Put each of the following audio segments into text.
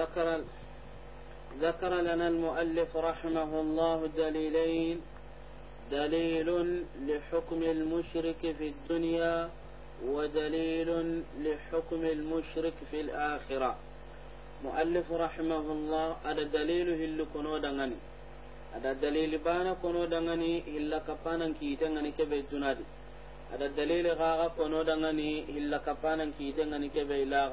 ذكر ذكر لنا المؤلف رحمه الله دليلين دليل لحكم المشرك في الدنيا ودليل لحكم المشرك في الآخرة مؤلف رحمه الله على دليل هل كنو دغني على دليل بان كنو دغني هل كفانا كيتنغني كبه جنادي على دليل غاغا كنو دغني هل كفانا كيتنغني كبه لا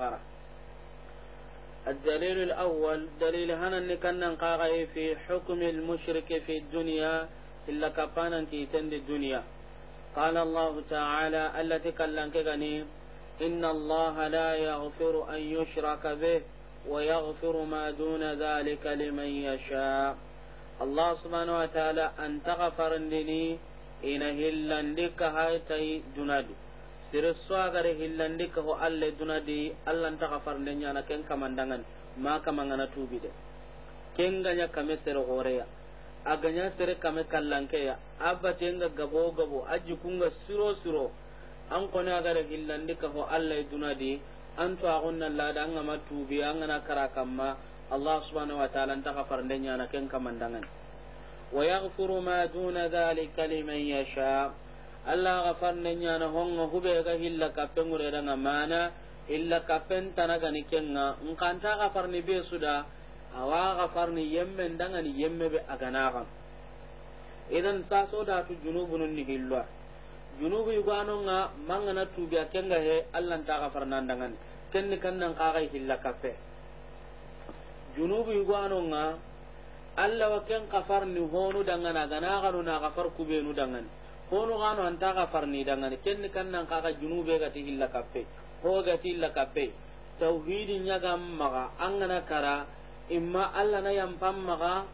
الدليل الأول دليل هنا كان قاغي في حكم المشرك في الدنيا إلا كفانا كي تند الدنيا قال الله تعالى التي كلن غني إن الله لا يغفر أن يشرك به ويغفر ما دون ذلك لمن يشاء الله سبحانه وتعالى أن تغفر لني إن هلا لك هاتي دنادو tere swagare hillandi ka ho alle dunadi allan ta kafar denya nyana ken kamandangan ma kamangana tubi de ken ganya kame sere ya aganya sere kame kallanke ya abba tenga gabo gabo aji kunga siro siro an kone agare hillandi ka ho alle dunadi an to agonna lada an ma tubi an na kara ma allah subhanahu wa ta'ala ta kafar denya nyana ken kamandangan wa yaghfiru ma duna dhalika liman yasha' allah ga farne na honga hube ga hilla kapen gure na mana illa kapen tanaga ni kan ta ga farni be suda awa ga farni yemme ndanga ni yemme be agana ga idan ta so da tu junubun ni hilla junubu yugano nga mangana ga kenga he allah ta ga farna ndanga ni kenni nan ka ga hilla kape junubu yugo anonga allah wa ken kafar ni honu dangana na ga na kafar kubenu dangani honu gano anta ka farni dangane kenni kannan kaka junube gati hilla kappe ho gati hilla kappe tauhidi ga maga gana kara imma alla na yampam maga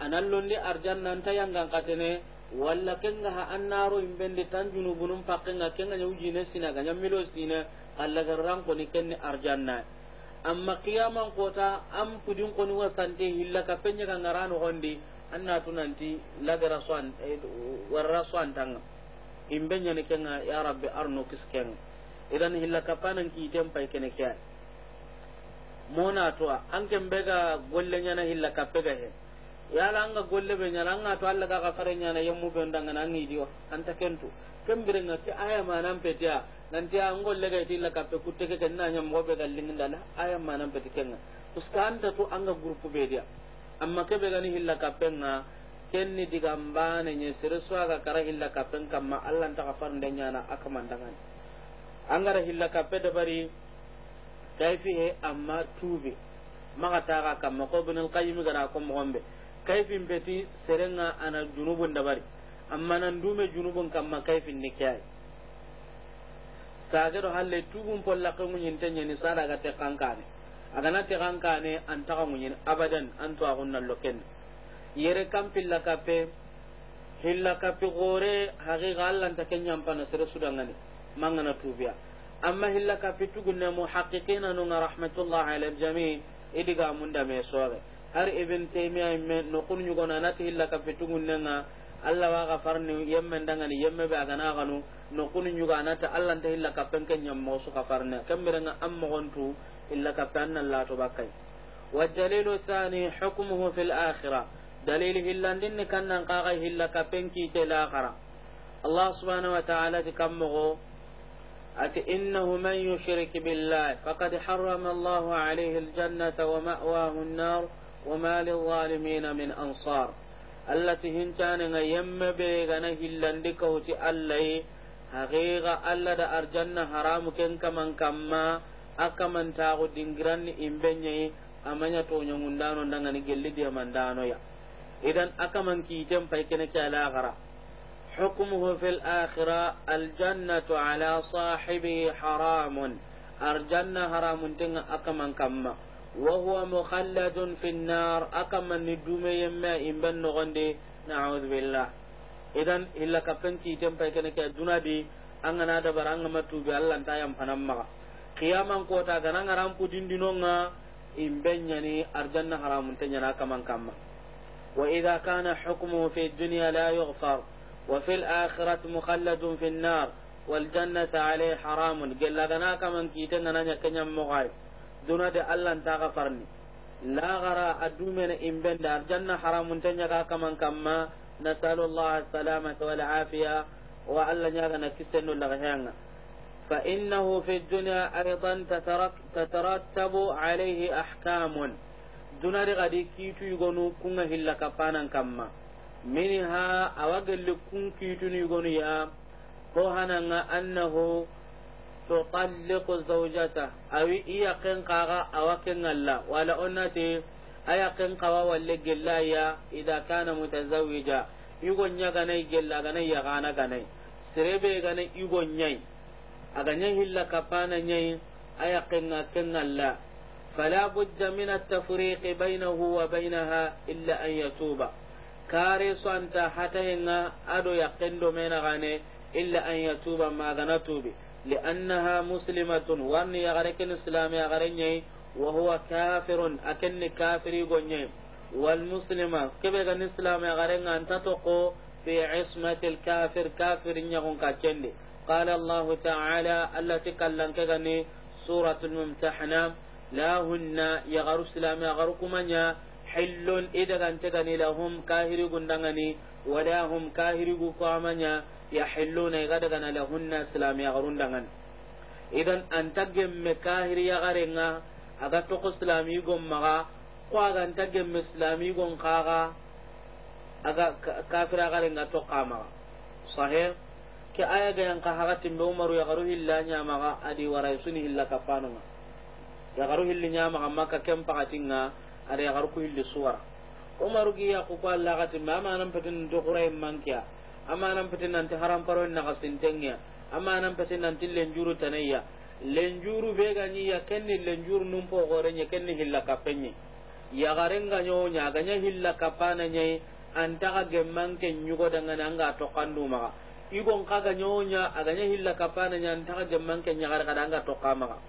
analonde arjanna anta yangan katene walla kenga ha annaro imbende tan junubunum pakkenga kenga nyujine sinaga nyamilo sina alla garran ko ni kenni arjanna amma qiyamang kota am kudin ko ni wasante hilla nya ga ngarano hondi anna tunanti lagara swan eh, warra swan tanga imbe nyani kenga ya rabbi arno kisken idan hilla kapanan ki tempai kene kya mona to an kembe ga golle nyana hilla kapega he ya langa golle be nyana anga to alla ga fare nyana yemu be ndanga na ni diwa anta kentu kembere nga ke aya manan petia nanti an golle ga itilla kappe kutte ke kenna nyam gobe ga lingindala aya manan petikenga uska anta to anga grupu be dia amma kebe gani hilla nga kenni digambane nye sere ga kara hilla kapen kamma allah ntaka farnde ñana a kamandangani angara hilla bari kaifi he amma tuube ta ga kamma ko binel kayimi gana ko mogonɓe kaifi mbeti serenga ana junubun dabari amma nan dume junubun kamma kaifi ne keayi sageɗo halle tubun sada ga te kankane agana tegan kane an taga munyin abadan an to agun nan loken yere kam pilla kape hilla kape gore hagi gallan ta kenyam pana sere sudangani mangana tubiya amma hilla kape tugunne mu haqiqina nun rahmatullahi alal jami idiga munda me sore har ibn taymiya me no kun nyugona nati hilla kape tugunne nga Allah wa gafarni yemme ndangani yemme be agana ganu no kun nyuga nata Allah ta hilla kapen kenyam mo su gafarna kamirenga amma gontu إلا كفتان الله تبكي والدليل الثاني حكمه في الآخرة دليل إلا أن كان نقاغه إلا كبنكي الآخرة الله سبحانه وتعالى تكمغو أتي إنه من يشرك بالله فقد حرم الله عليه الجنة ومأواه النار وما للظالمين من أنصار التي هنتان يم بيغنا هلندكوتي اللي حقيقة هغيغ ألد أرجن حرام كن كمن كما akamantaxu dingiranni imbeñayi amaña toñongundano ndangani gelli ya idan akaman kiiten pay kene ke alaxara حكمه في الآخرة الجنة على صاحبه حرام الجنة حرام تنغ أكمن كما وهو مخلد في النار أكمن ندوم يما إن غندي نعوذ بالله إذن إلا كفن كي تنفى كنك الدنيا أنغنا دبر أنغما توبي ألا أنت يم qiyaman kota gana ngaran imbenya ni arjanna haram haramun tenyana kaman kamma wa idha kana hukmuhu fi dunya la yughfar wa fil akhirat mukhalladun fi an-nar wal jannatu alayhi haramun gella gana kaman kite ngana nyakanya mogai duna de allah ta gafarni la gara adumene imbenda arjanna haramun tenyaka kaman kamma nasallallahu alaihi salama wal afiya wa allah nyaga na kisenno la gahanga فإنه في الدنيا أيضا تترتب عليه أحكام دون رغدي كيتو يغنو كنا هلا كفانا كما منها أوغل كن كيتو يغنو يا هنا أنه تطلق زوجته أو إيقن قاغا أوكن الله ولا أنتي أيقن قوا ولا جلايا إذا كان متزوجا يغنيا غني جلا غني يغانا غني سربي غني يغنيا aganya hilla kapana nyai aya kenga kenga la fala budda min at-tafriq bainahu wa bainaha illa an yatuba kare so anta hata hinga ado yakendo mena gane illa an yatuba ma gana tubi لأنها مسلمة وأن يغرق الإسلام يغرني وهو كافر أكن كافر يغني والمسلمة كيف يغن الإسلام يغرني أن تتقو في kafir الكافر كافر يغن كتشندي قال الله تعالى التي كلن كغني سورة الممتحنة لا هن يغر سلام يغركمنيا حل إذا كانت تغني لهم كاهر غندغني ولا هم كاهر غقامنيا يحلون يغدغن لهن سلام يغرندغن إذا أنت جم كاهر يغرنا aga toko silami gon maga ko aga anta gemme silami gon kaga aga kafira garenga to kama sahih ke aya ga yang kahagatin be umaru ya garu ma ga adi warai suni hilla kafano ma ya garu ma maga maka kem pakatinga ada ya garu ku hilli suwar umaru gi ya ku kwalla ga ma ma nan patin to qurai mankiya amma nan patin nan ta haram paro na kasintenya amma nan patin nan tillen juru tanayya lenjuru be ga ni ya kenni lenjuru num po gore nya kenni hilla penni ya garenga nyo nya ganya hilla pana nya antaka gemman ken nyugo dangana anga to kandu maga igon kaga nyonya aganya hilla kapana nyan taga jamman ke nyagar kadanga to kama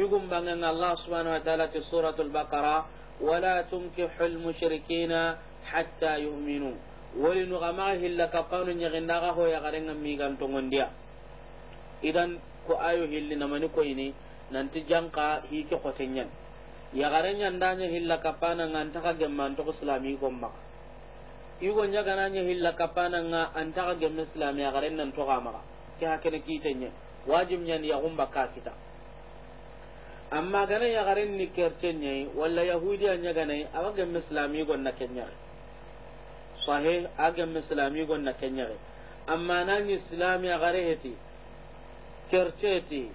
igum bangan Allah subhanahu wa ta'ala ti suratul baqara wala tunkihul mushrikina hatta yu'minu wali nu gama hilla kapanu nyaginda ga ho ya garenga mi gan dia idan ko ayo hilli namani ko ini nanti jangka hike khotenyan ya garenya ndanya hilla kapana ngan taga jamman to islami gomma igo ñagana ñe hilla nga antaxa gemme silami a xaren nan toxamaxa ke xa kene kiitenñe wajib ñani yaxumba ka kita amma gana garen ni kercenñayi walla yahudiya a awa gemme silami gonna kenya sahe a gemme silami gonna kenya amma nan silami a xare heti kerceti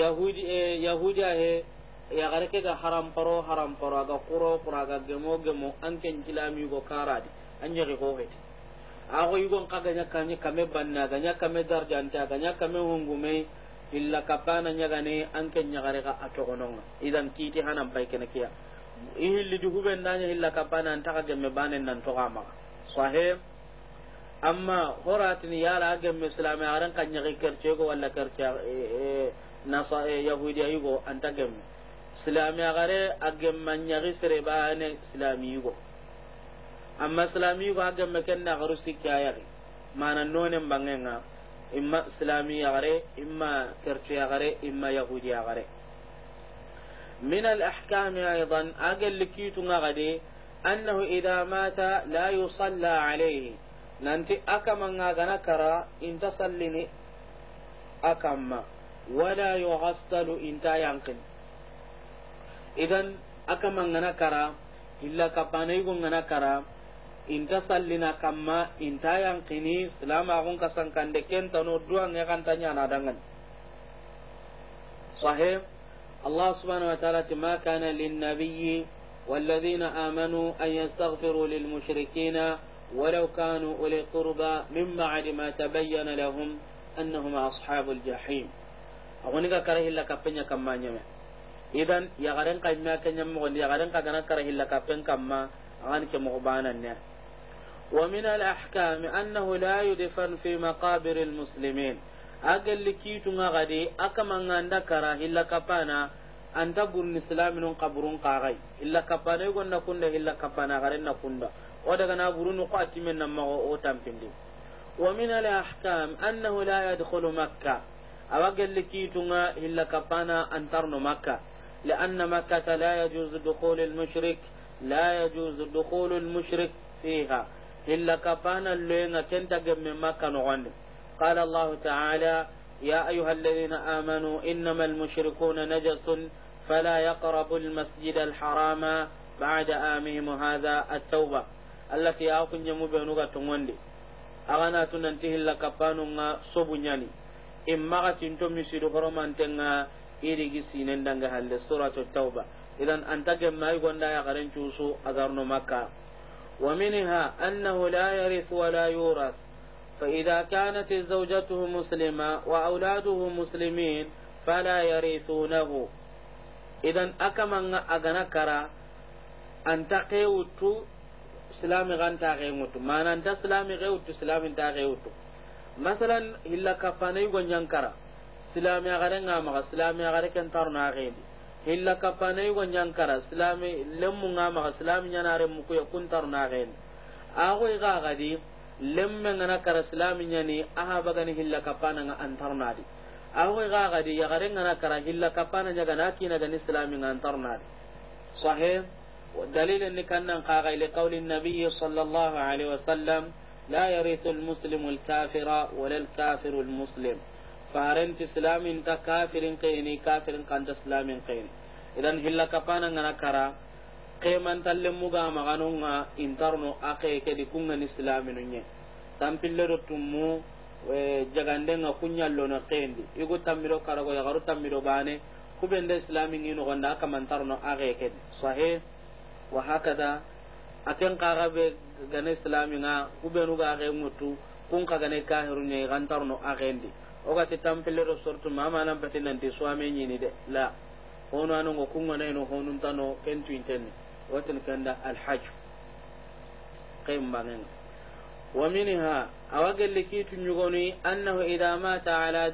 yahudi eh, yahudiya he gare ke ga haramparo haramparo aga kuro kuro aga gemo gemo an ken cilami go karadi anjegi yugo ka yugon kaganya kanye kame banna ganya kame darjanta ganya kame hungume illa kapana nyagane anke gare ga atogononga idan kiti hanan pai kene kiya ihilli duhube nanya illa kapana ga gemme banen nan to gama sahe amma horatini yara gemme islami aran kan nyagi kerce go walla kerce e, nasa e, yahudiya yugo anta gemme islami agare agemme nyagi sere bane islami yugo amma islami ko aga meken da garu sikka ayari mana nonen bangenga imma islami ya gare imma kirti ya gare imma yahudi ya gare min al ahkam aidan aga likitu ngade annahu idha mata la yusalla alayhi nanti akamanga gana kara inta sallini akamma wala yughassalu inta yankin idan akamanga na kara illa kapana yugo ngana kara inta sallina kamma inta yankini silama kun kasankande kentano duwange kanta ñana dangan sahih allah subhanahu wa ta'ala ma kana linnabiyyi والذين آمنوا أن يستغفروا للمشركين ولو كانوا أولي قربى من بعد ما تبين لهم أنهم أصحاب الجحيم أغنيك كره إلا كفن كما نيمة إذن يغرن قيمة كنيمة يغرن قدنا كره إلا كفن كما أغنيك مغبانا نيمة ومن الأحكام أنه لا يدفن في مقابر المسلمين أقل كيتو غدي أكما عندك كرا إلا كفانا أن تقول نسلام من قبر قاغي إلا كفانا يقول نكون إلا كفانا غرين نكون ودغنا برون قاتي من نما أوتام تنفندي ومن الأحكام أنه لا يدخل مكة أو أقل كيتو إلا كفانا أن ترن مكة لأن مكة لا يجوز دخول المشرك لا يجوز دخول المشرك فيها illa kapana loyenga kenta gemme makka nogonde qala allah ta'ala ya ayuha alladhina amanu innama almushrikuna najasun fala yaqrabu almasjid alharama ba'da amihim hadha at-tauba allati akunye mubenu ga tongonde agana tunanti hilla kapano nga sobunyani imma ga tinto misidu horomantenga irigi sinen danga halle suratu tauba idan antage mai gonda ya garen cusu agarno makka ومنها أنه لا يرث ولا يورث فإذا كانت زوجته مسلمة وأولاده مسلمين فلا يرثونه إذا أكما أغنكرا أن تقيوت سلام غانتا غيموت ما أنت سلام غيوت سلام انت مثلا إلا كفاني غنيانكرا سلام غرنا مغا سلام غرنا انترنا غيدي hilla kapanai wa nyankara islami lemmu nga ma islami nyanare mu ku kuntar na gen ago ga gadi lemme ngana kara islami nyani aha bagani hilla kapana nga antar na di ago ga gadi ya gare ngana kara hilla kapana nyaga na kina gani islami nga antar na di sahih والدليل ان كان قاغي لقول النبي صلى الله عليه وسلم لا يرث المسلم الكافر ولا الكافر المسلم farenti islamin ta kafirin kaini kafirin kanta islamin kaini idan hilla kapana ngana kara keman talle muga maganunga intarno ake ke di kunga ni islaminu nye tampille do tummu jagande nga kunyallo no kendi igu tammiro karago ya garu tammiro bane ku kubende islamin ni no gonda kamantarno ake ke sahih wa hakada aken karabe gane islamin nga kubenu ga ke mutu kun ka kagane kahiru nye gantarno akendi ogati tampillero sortu mamanan pati suami ni ni de la hono honun tano kentu kentuintenni watin kanda alhaju kayin bangenga wa minha awa liki kiitu ñugoni annahu idha mata ala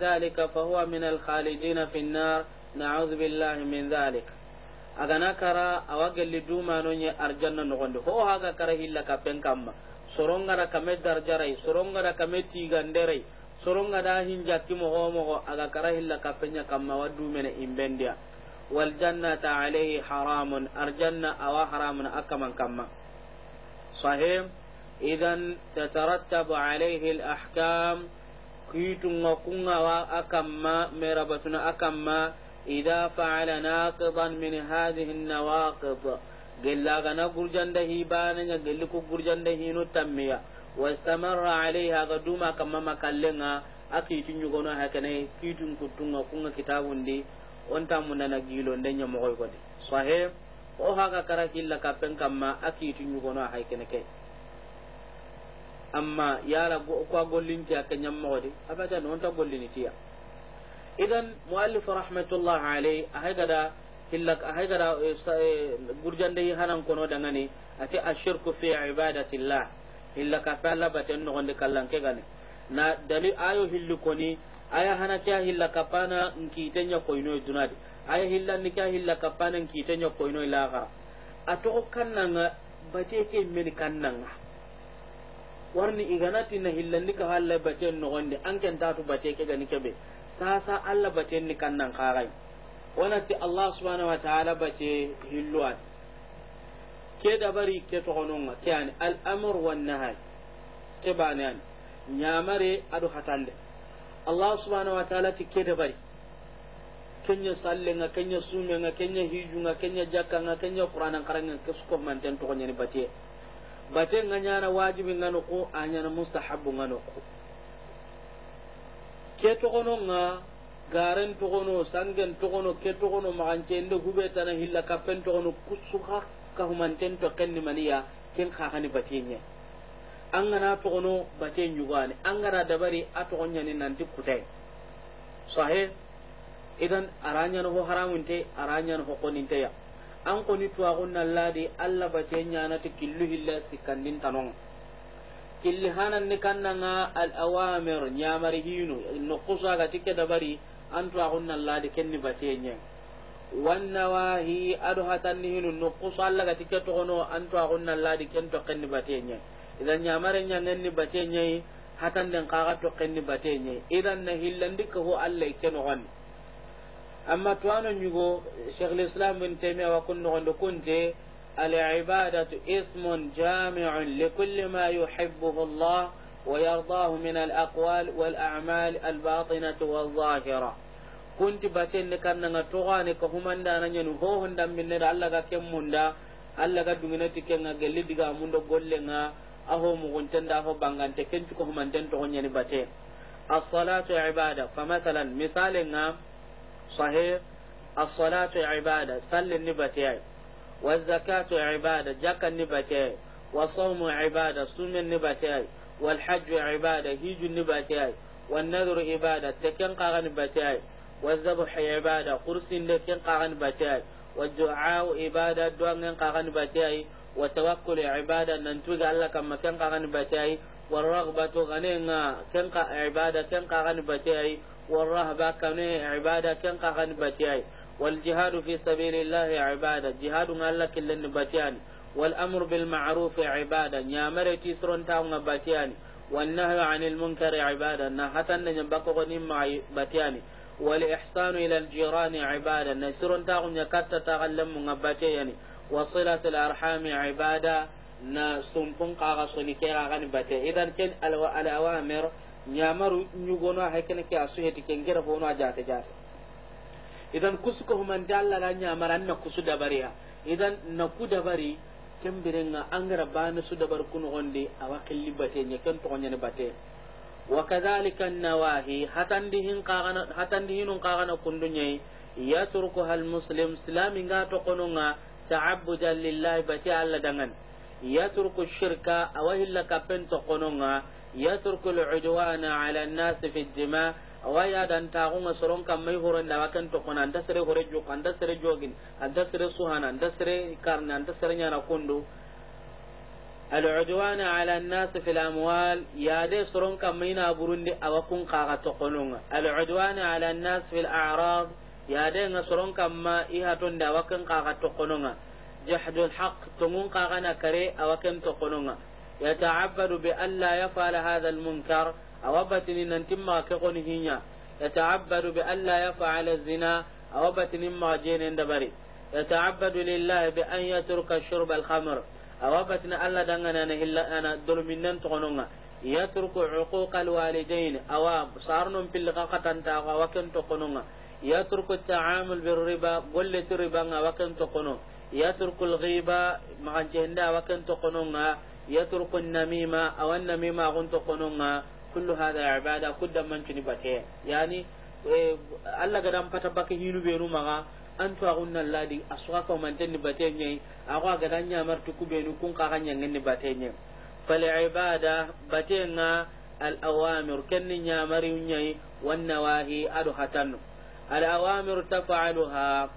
fa huwa min alkhalidina fi an-nar naudu billahi min dhalik agana kara duma no dumanoñe arjanna nogondi ho haga kara hilla kappen soronga sorongara kame darjarai sorongara kame tiganderai soronga da hinjaki mogo mogo aga kara hilla kappenya kamma waddu mena imbendia wal jannata alayhi haramun arjanna awa haramun akaman kamma sahim idan tatarattabu alayhi al ahkam kitunga kunga wa akamma merabatuna akamma idha fa'ala naqidan min hadhihi an-nawaqid gelaga na gurjanda hibana nya gelli gurjanda hinu tammiya واستمر عليها قدوما كما ما كلنا أكيد يقولون هكذا كيتون كتونا كونا كتاب دي onta munana gilo ndenya mogoy godi sahe o haga kara killa ka pen kamma akitu nyugono hay kene ke amma yala go ko gollin ta kanyam mogodi ta gollin gollini ya idan muallif rahmatullah alayhi ahagada killa ahagada gurjande hanan kono dangane ati ashirku fi ibadatillah illa ka sala baten no gonde kallan ke gane na dali ayo hilli koni aya hana ta hilla pana nki tanya koino dunadi aya hilla ni ka hilla pana nki tanya koino ilaga atoko kannanga bace ke men kannanga warni iganati na ni ka halla bace no gonde an kan tu bace ke gani kebe sasa alla bace ni kannan karai ti allah subhanahu wa ta'ala bace hilluat ke dabari ke togononga ke ani al amr wan nahy ke bane ani nyamare adu hatande allah subhanahu wa ta'ala ti ke dabari kenya nga kenya nga kenya nga kenya nga kenya qur'anan karanga ke suko manten togonya ni batie bate nga nyana wajibi nga no ko anyana mustahabu no ko ke togono nga garen togono sangen togono ke togono magancende hubetana hilla kappen togono kusuha kahumanten to ni maniya ken kakani batenye an gana togono baten yugani an gana dabari a nan nanti kutai sahe idan haramun te aranya no ho te ya an koni tuwagunna ladi allah na yanati killu hilla sikkandin tanong killi hanan ni kannanga al awamir nyamari hinu nokusa ga tike dabari an tuwagunna ladi kenni batenye والنواهي أدوها تنهين النقص على قتك تغنو أنتو أغنى الله دي كنتو قن باتيني إذا نعمرين ينن باتيني حتى ننقاغتو قن باتيني إذا نهي لندك هو الله يكن أما توانو نيغو شيخ الإسلام من تيمية وكن نغنو كنت العبادة اسم جامع لكل ما يحبه الله ويرضاه من الأقوال والأعمال الباطنة والظاهرة kunti baten ne kan nga to ne ko humanda na nyen ho honda min da Allah ga munda Allah ga dungene tike nga gelli diga mundo golle nga aho mu gonten da ho te ken ko humanten to nyani bate as-salatu ibada fa masalan misalen nga sahih as-salatu ibada sallin ni bate wa zakatu ibada jakan ni bate wa sawmu ibada sumen ni bate wal hajju ibada hijju ni bate wan nadru ibada teken ga ni bate والذبح عبادة قرس لكن قاغن بتاي والدعاء عبادة دوان قاغن بتاي وتوكل عبادة ننتوغ الله كما كان قاغن بتاي والرغبة غنينا كان عبادة كان قاغن بتاي والرهبة كان عبادة كان قاغن بتاي والجهاد في سبيل الله عبادة جهاد الله كل بتيان والأمر بالمعروف عبادة يا مرتي سرون تاون بتيان والنهي عن المنكر عبادة نهتن ينبقى غنيم بتياني wali ihsanu ila al jirani ibada na siron ta kunya katta ta kallan mun abate yani wa silatul arhami ibada na sumpun kaga soni ke kaga ni bate idan ken al awamir nyamaru nyugono hakene ke asu heti ken gira bono ajate jate idan kusuko human dalla la nyamaran na kusu dabariya idan na ku dabari kembirenga angara bana su dabar kuno gonde awa kelli bate nyaken to nyane bate wa kadhalika an-nawahi hatandihin qagana hatandihin qagana kundunya ya turku hal muslim salami ngato kononga ta'abbu jalillahi bati alla dangan ya turku syirka aw illa ka pento kononga ya turku al-udwana ala an-nas fi ad-dima aw ya dan ta'u masrun da wakan to kan da sare da sare suhana da kundu العدوان على الناس في الأموال يا دي سرون كمينا بروندي أوكون قاغا تقنون العدوان على الناس في الأعراض يا دي سرون كما إيها تند أوكين قاغا تقنون جحد الحق تمون قاغا نكري أوكين تقنون يتعبد بألا يفعل هذا المنكر أوبتني ننتم كقن هنا يتعبد بألا يفعل الزنا أوبتني ما جين دبري يتعبد لله بأن يترك شرب الخمر awabatina allah dangana ana hilla ana dolminnan togononga yatruku uquqa alwalidain awa sarnon pilli kakatanta awa ken ya turku taamul bir riba golle riba ti ribanga awa ken tokono yatruku alghiba magancehinde awa ken ya turku namima awa namima agun tokononga kullu hada ibada kudda mancuni bate yani eh, allah gadan pata hinu beru maga an to agun nan ladi aswa ko man tan ni batenye agwa ga dan nyamar tu kubenu kun ka ganya ngin ni batenye fal ibada batenga al awamir ken ni nyamari nyai wan nawahi adu hatan al awamir taf'aluha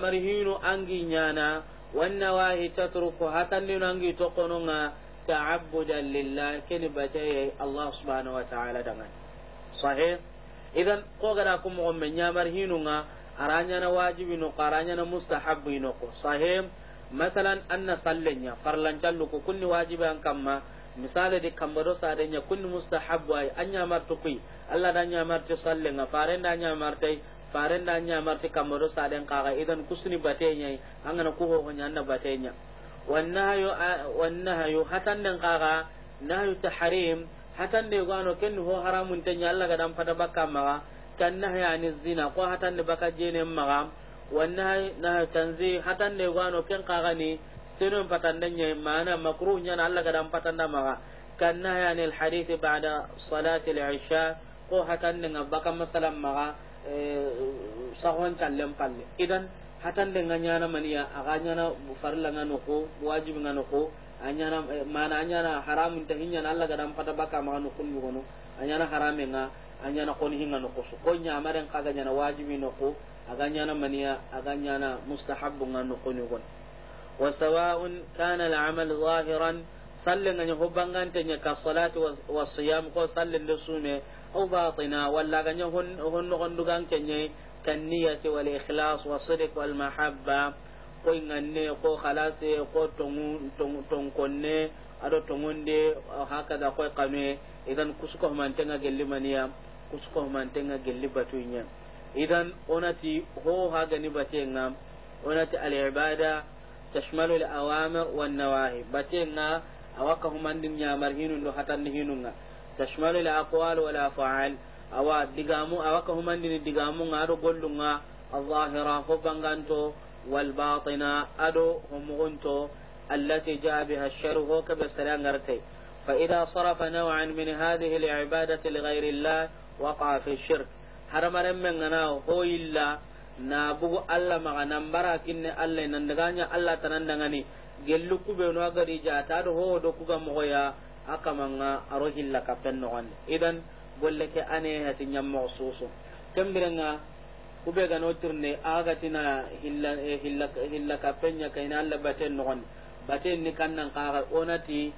mari hinu na nyana wan nawahi tatruku hatan ni angi to kononga ta'abbudan lillah ken bataye allah subhanahu wa ta'ala dangan sahih idan ko gada kuma on mari hinu hinunga na wajibi no na mustahabbi no ko sahim masalan anna sallenya farlan jallu ko kunni wajibi an kamma misale de kambaro sadenya kunni mustahabbu ay anya martu kui alla da anya martu sallenga faren da anya martai faren da nya martu kambado saden kaga idan kusni batenya angana ko ho nya anna batenya wannahayu wannahayu hatan dan kaga nahyu tahrim hatan de gano ken ho haramun tenya alla ga dan fada bakka ma kan nahyi ani zina ko hatan ne baka ne maga wannan na tanzi hatan ne wano ken sino patan ne ya ma'ana makruh nya na Allah patan da maga kan nahyi ani al hadith ba'da salati al isha ko hatan ne baka masalan maga sahon kallen palle idan hatan ne de nganyana maniya aga nyana farla ngano ko wajib ngano ko anyana mana anyana haramun tahinya Allah dan pata baka maga no kun gono anyana harame nga anyana koni hinga no kusu ko nyamaren kaga nya na wajibi no ko aga na maniya aga nya na mustahabbu nga no koni gon wa sawa'un kana al-amal zahiran sallin ga hubbangan nya ka salati wa siyam ko sallin da sume aw batina walla ga nya hon hon dugan kenye kan niyyati wal ikhlas wa sidq wal mahabba ko nganne ko khalase ko tongu tongkonne ado tongonde hakaza ko kanwe idan kusuko mantenga gelli maniya kusuko mantenga gelli batunya idan onati ho haga ni batenga onati al ibada tashmalu al awamir wan nawahi batenga awaka humandin nyamar hinun do hatan hinunga tashmalu al aqwal wal af'al awa digamu awaka humandin digamu ngaro gollunga الظاهرة هبانغانتو والباطنة أدو هم غنتو التي جاء بها الشر هو كبسران غرتي فإذا صرف نوعا من هذه العبادة لغير الله وقع في الشرك حرم من غناه هو إلا نابو ألا مع نمبرا كن ألا نندغانيا ألا تنندغاني gelu kube no agari jata do ho do kuga moya aka manga arohi la kapen no on idan golle ke ane hati nyam maususu kambiranga kube ga no turne aga tina hilla hilla hilla kapenya kaina alla baten no on baten ni kannan kaga onati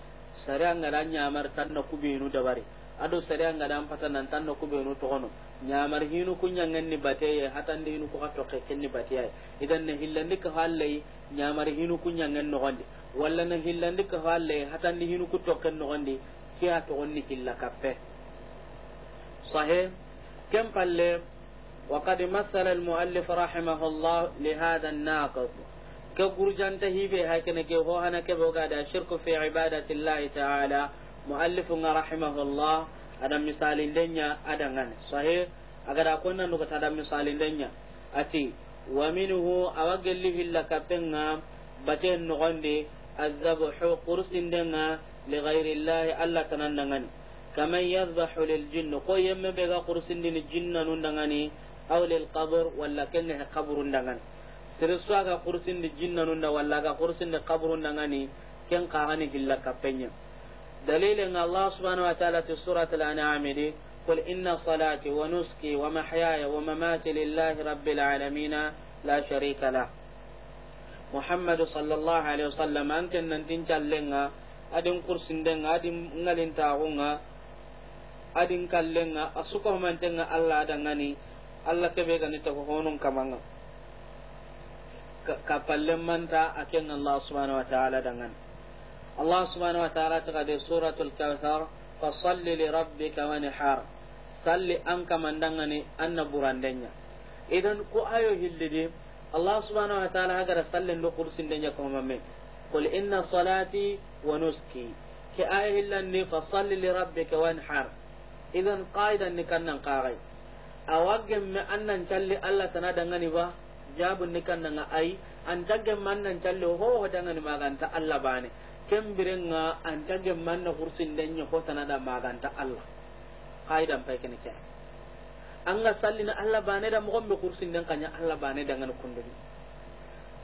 sariya ngada ñamar tanna kubenu dabari ado sariya ngada patanan tanna kubenu hono ñamar hinu ya hatan ni hinu kuka toke kenni bateyay idan ne hillandi ka hallay ñamar hinu no nogondi walla ne hillandi ka hatan hatandi hinu ku token nogondi ke to onni killa kappe sahe kem palle al muallif rahimahullah li الله an الناقض ke gurjanta hibe ha kene ke ho hana ke boga da shirku fi ibadati Allah ta'ala muallifun rahimahullah ada misalin denya ada ngan sahih agada konna no kata da misalin denya ati wa minhu awagelli hilla kapenga baten no gonde azzabu qursin denga li ghairi Allah Allah tanandangani kama yadhbahu lil jinn ko yemme be ga qursin din jinna nundangani aw lil qabr walla kenne qabrun dangani sirisuwa ga kursin da jinnanun da walla ga kursin da kaburun da ngani ken kahani hilla kafanya dalilin Allah subhanahu wa ta'ala ta surat al-an'am de qul inna salati wa nuski wa mahyaya wa mamati lillahi rabbil alamin la sharika la muhammad sallallahu alaihi wasallam an tan nan din jallenga adin kursin den adin ngalin taunga adin kallenga asuka man tan Allah da ngani Allah ke be ganita ko honun kamanga kapallen manta kan Allah subhanahu wa ta'ala dangan Allah subhanahu wa ta'ala ta gade suratul kawthar fa salli li rabbika nihar salli an kamandangani anna danya idan ko ayo hillidi Allah subhanahu wa ta'ala hagar sallin do kursin danya ko mamme qul inna salati wa nuski ki ayo hillanni fa salli li rabbika nihar idan qaidan ni kannan qarai awagem me annan calli Allah tana dangane ba jabun ni nga ai an tagge man nan callo ho ho dangani maganta Allah bane nga an tagge man na kursin denyo ho tanada maganta Allah kaidan pai kene ke an ga na Allah bane da mugon be kursin den kanya Allah bane dangan kundani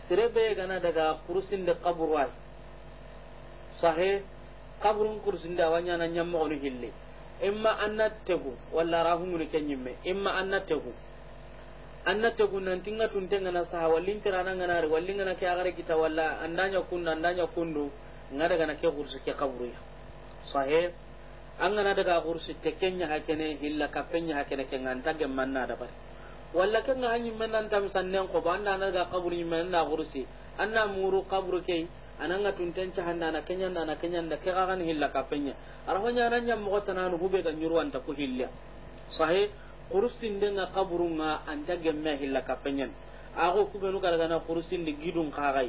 sirebe gana daga kursin da kaburwa sahe kaburun kursin da wanya nan nyamma onu hille imma annat tegu walla rahumunu kenyimme imma annat tegu anna tegunan tinga tunte ngana saha wallin tirana ngana re wallin ngana ke agare kita walla andanya kunna andanya kundu ngada gana ke gursu ke kaburu ya sahe an daga gursu ke kenya hakene illa ka penya hakene ke nganta ge manna da bar walla ke nga hanyi manna tam sannen ko banda na daga kaburu yi manna gursi anna muru kaburu ke ananga tunten ca handa na kenya na kenya da ke gagan illa ka penya arhonya nanya mo tananu hube ga nyurwan ta ko hilla sahe kurusin den ga an ta gemme hilla kapenyen ago benu kala gana kurusin di gidun kagai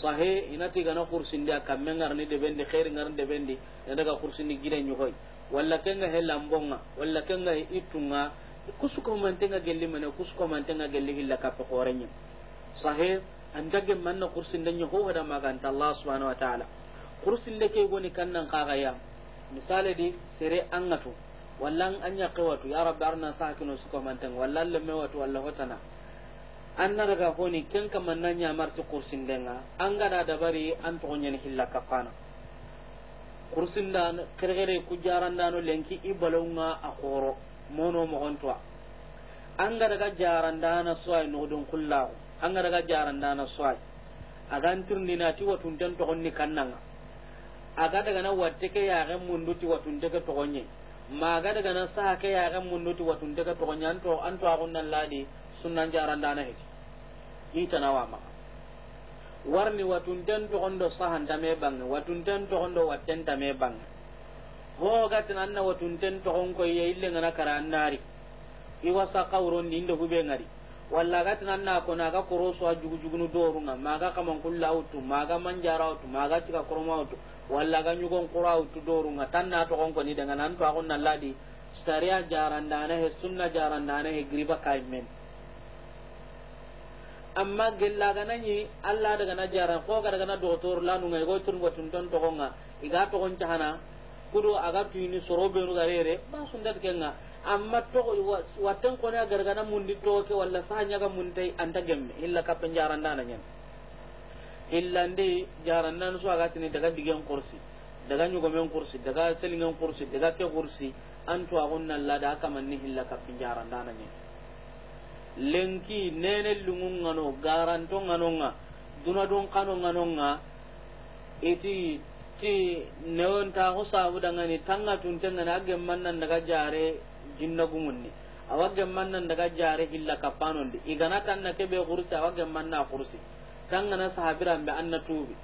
sahe inati gana kurusin di akamme ni de bendi khair ngar de bendi daga kurusin di gidan hoy walla kenga hella mbonga walla kenga itunga man tenga gelli ko man tenga gelli hilla kape korenya sahe gemme na kurusin den nyuho wada maganta allah subhanahu wa ta'ala kurusin de ke goni kannan kagaya misale di sere angatu wallan an ya qawatu ya rabbi arna su ko mantan wallan le mewatu walla hotana anna daga honi kin kaman nan ya marti kursin denga an gada dabari an to nyen hilla kafana kursin da kergere ku jaran dano lenki a akoro mono mo hontwa an ga daga jaran dana suwai no don kullahu an ga daga jaran dana suwai turni na ti watun tan to kannan a aga daga na wacce ke ya ga mundu ti watun daga to honni maga daga nan saha ke ya ga mun nutu watun daga to nyan to an to agun nan ladi sunnan jaran dana he ita nawa ma warni watun den to gondo sahan da me bang watun den to gondo watten da me bang ho ga tan anna watun den to gon ko ye ille ngana karan nari i wasa qawron din do hube ngari walla ga tan anna ko na ga koroso a jugu jugunu dorunga maga kaman kullahu maga manjara maga tika koroma walla ga nyugon qura utu nga tanna to gon ko ni daga nan to agon nalladi jaran jarandana he sunna jarandana he griba kai men amma gella ga ni alla daga na jaran ko ga daga na doktor lanu ngai go tun go tun ton to gonga iga to gon tahana kudu aga soro sorobe ru garere ba de kenga amma to watan ko na na mundi to ke walla sanya ga mundai anta gemme illa ka penjaran dana nyen hillandi jarannan su aga tini daga digen kursi daga nyugomen kursi daga selingen kursi daga ke kursi an to agunna lada aka manni hilla kafin jarandana ne lenki nene lungun ngano garanto ngano nga duna don kano ngano nga iti ti neon ta ko sabu daga ni tanga tunten ngana gemman mannan daga jare jinna gumunni awa mannan daga jare hilla kapanon di igana tan na kebe kursi awa manna kursi dangana sahabira be anna tubi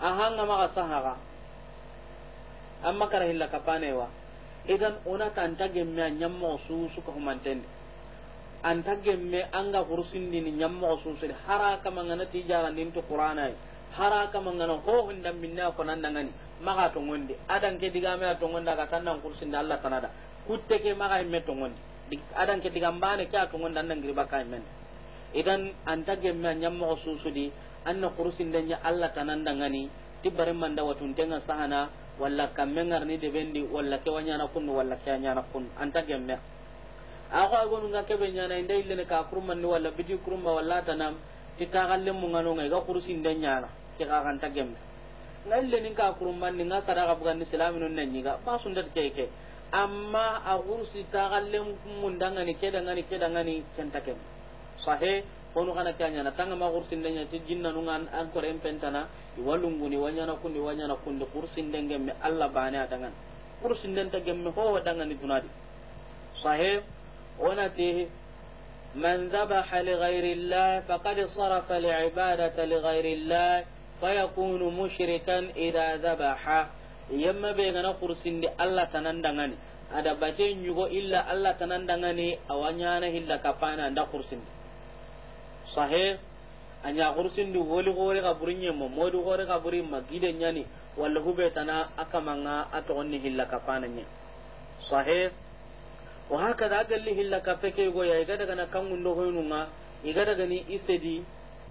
hanga maka sahaga amma kara hilla kapanewa idan ona ta anta gemme a su suusu ka an anta gemme anga hurusindini ñammoxo suusudi hara kamangana nin to qur'anayi hara kamangana hohundambinne a konandangani maga togondi adanke digame a togondi aga kursin da allah tanada ke maga imme to adanke adan ke ngonda nan annangiri bakai men idan anta gemme a su di. anna kurusin danya Allah tanan dangani tibare manda watun tenga sahana walla kamengar ni de bendi walla ke na kun walla ke na kun anta gemme ako agonu nga kebe nyana inda ille ne ka kurman ni walla biji kurma walla tanam tika galle mun ngano ngai ga kurusin danya na ke ka kan ta gemme nga ille ni ka kurman ni nga kada ga bugan islamin nan ni ga ba sun da keke amma a kursi ta galle mun dangani ke dangani ke dangani kenta gemme sahe konu kana kanya na tanga ma kursin denya ti jinna nu ngan an ko an kore empentana wanya na kundi wanya na kundi kursin denge me Allah bana adangan kursin den ta gemme ho wadanga ni dunadi sahib wana te man dhabaha li ghairi Allah faqad sarafa li ibadati li ghairi Allah fayakun mushrikan idha dhabaha yamma be gana kursin di Allah tanandangani ada bace nyugo illa Allah tanandangani awanya na hilla kapana nda kursin sahe anya du holi gore ga burin mo modu gore ga burin magide nyani walla hube tana akamanga onni hilla kafananya sahe wa da galli hilla kafeke go ya igada kana kangundo hoynunga igada gani isedi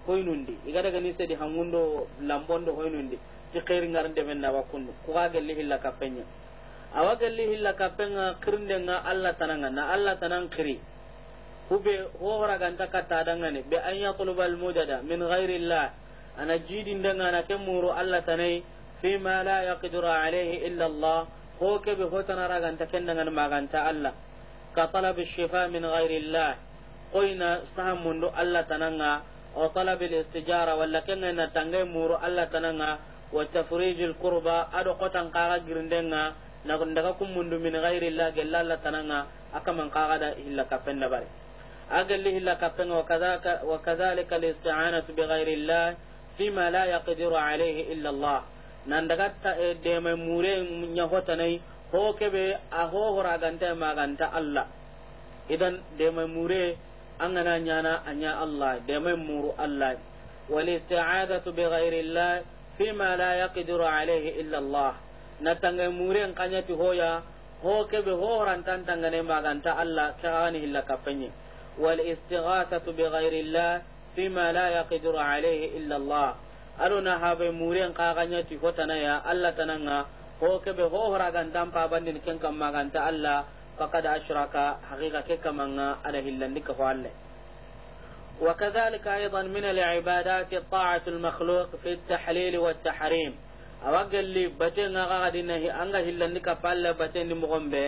hoynundi igada gani isedi hangundo lambondo hoynundi ti ngar de men na ku ga galli hilla awa galli hilla kirnde nga alla tananga na alla tanan kiri hube hohoraganta dangane be an ya yatluba almudada min ghairi llah ana jidindangana ke muru allah tanai fima la yaqdiru alayhi illa allah ho kebe hotanaraganta kendangani maganta allah ka talabi shifa min ghairi llah koyna mundu allah tananga o talabi listijara walla na tangai muru allah tananga wa tafriji lkurba ado kotan kaga girindenga nagundaga mundu min ghairi llah gella allah tananga akaman kaga da illa hilla kafen dabari أقل له لك وكذلك, الاستعانة بغير الله فيما لا يقدر عليه إلا الله نندقت ديما مورين من يهوتني هو كبه أهو غرغانتا ما غنت الله إذن ديما موري أننا نيانا أنيا الله ديما مورو الله والاستعادة بغير الله فيما لا يقدر عليه إلا الله مورين natanga هو يا هو كبه هو ho rantan ما غنت الله kawani لك فنيه والاستغاثة بغير الله فيما لا يقدر عليه إلا الله ألونا هابي مورين قاغنيتي فتنايا ألا تنانا هو كبه هو هرغان دام بندن كن كما غانت ألا فقد أشرك حقيقة كما على هلندك فعله وكذلك أيضا من العبادات الطاعة المخلوق في التحليل والتحريم أوجل لي بتن غادي نهي أنغا هلندك فعله بتن مغمبه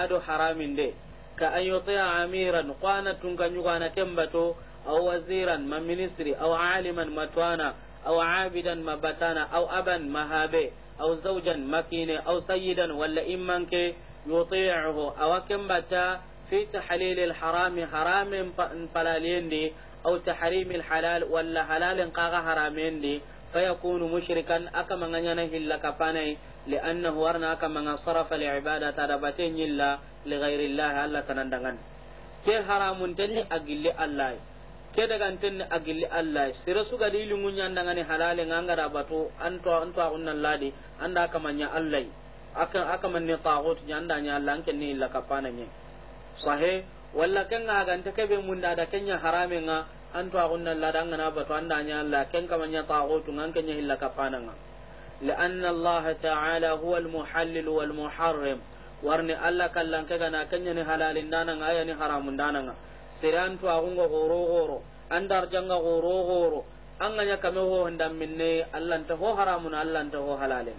أدو حرام دي ka an yuti'a amiran qana tun kan yugana kembato aw waziran ma ministri aw aliman matwana aw abidan ma batana aw aban ma habe aw zawjan makine aw sayyidan walla immanke yuti'uhu aw kembata fi tahlil al harami haramin falalindi aw tahrim al halal walla halalan qaga haramendi فيكون مشركا أكما نينا هلا كفاني لأنه ورنا أكما صرف لعبادة دبتين إلا لغير الله ألا تنندغن كي حرام تني أقل الله كي دغن تني أقل الله سيرسو قديل نينا نغني حلال نغنغر أبطو أنتو أنتو أغنى الله دي أنت أكما نيا الله أكما ني طاغوت نيا نيا الله أنك نيا إلا كفاني صحيح walla kenga aganta kebe munda da kenya harame an to agunna la dan ngana batu anda nya la ken kamanya taqutu ngan kenya hilla allah لأن الله تعالى هو wal والمحرم warni allah kallanke gana kenyani halalin dananga ayani haramun dananga siran to agunga goro goro andar janga goro goro anga anganya kame ho ndam minne allah ta ho haramun allah ta ho halalin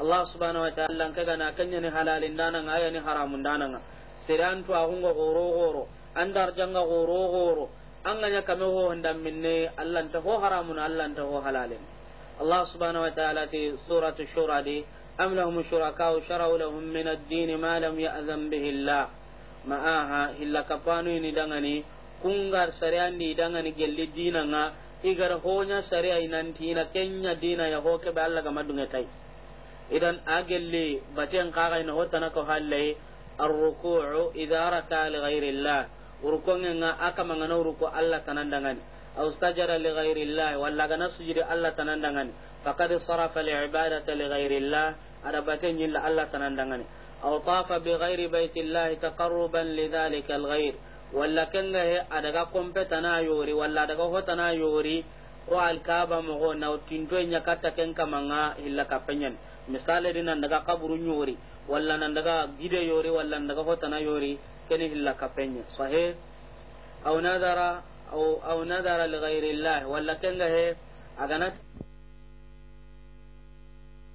allah subhanahu wa ta'ala kaga na kenyani halalin dananga ayani haramun dananga siran to agunga goro goro andar janga goro goro an ganya kame ho hondan minne allah ta ho haramun allah ta ho halalen allah subhanahu wa ta'ala ti suratu shura di am lahum wa shara'u lahum min ad-din ma lam ya'zam bihi allah ma'aha illa kafanu ni dangani kungar sariyandi dangani gelli dinanga igar honya sharia inantina kenya dina ya ho ke Allah ga madunga tai idan agelli baten kaga ina hotana ko halle الركوع إذا li ghairi Allah nga aka mangana uruko allah tanandangani au stajara li ghairi Allah walla gana sujudi allah tanandangani faqad sarafa li ibadati li ghairi Allah ada nyilla allah tanandangani au tafa bi ghairi baiti Allah taqarruban li dhalika al ghair walla kenga he adaga kompe tana yori walla adaga hotana yori ko al-kabar alkaba na naw tintoy ñakatta ken kamanga illa kapenyen misale di nan daga kaburu nyori walla nan daga gide yori walla nan daga hotana yori كني إلا كفني صحيح أو نذر أو أو نذر لغير الله ولا كنه أجنات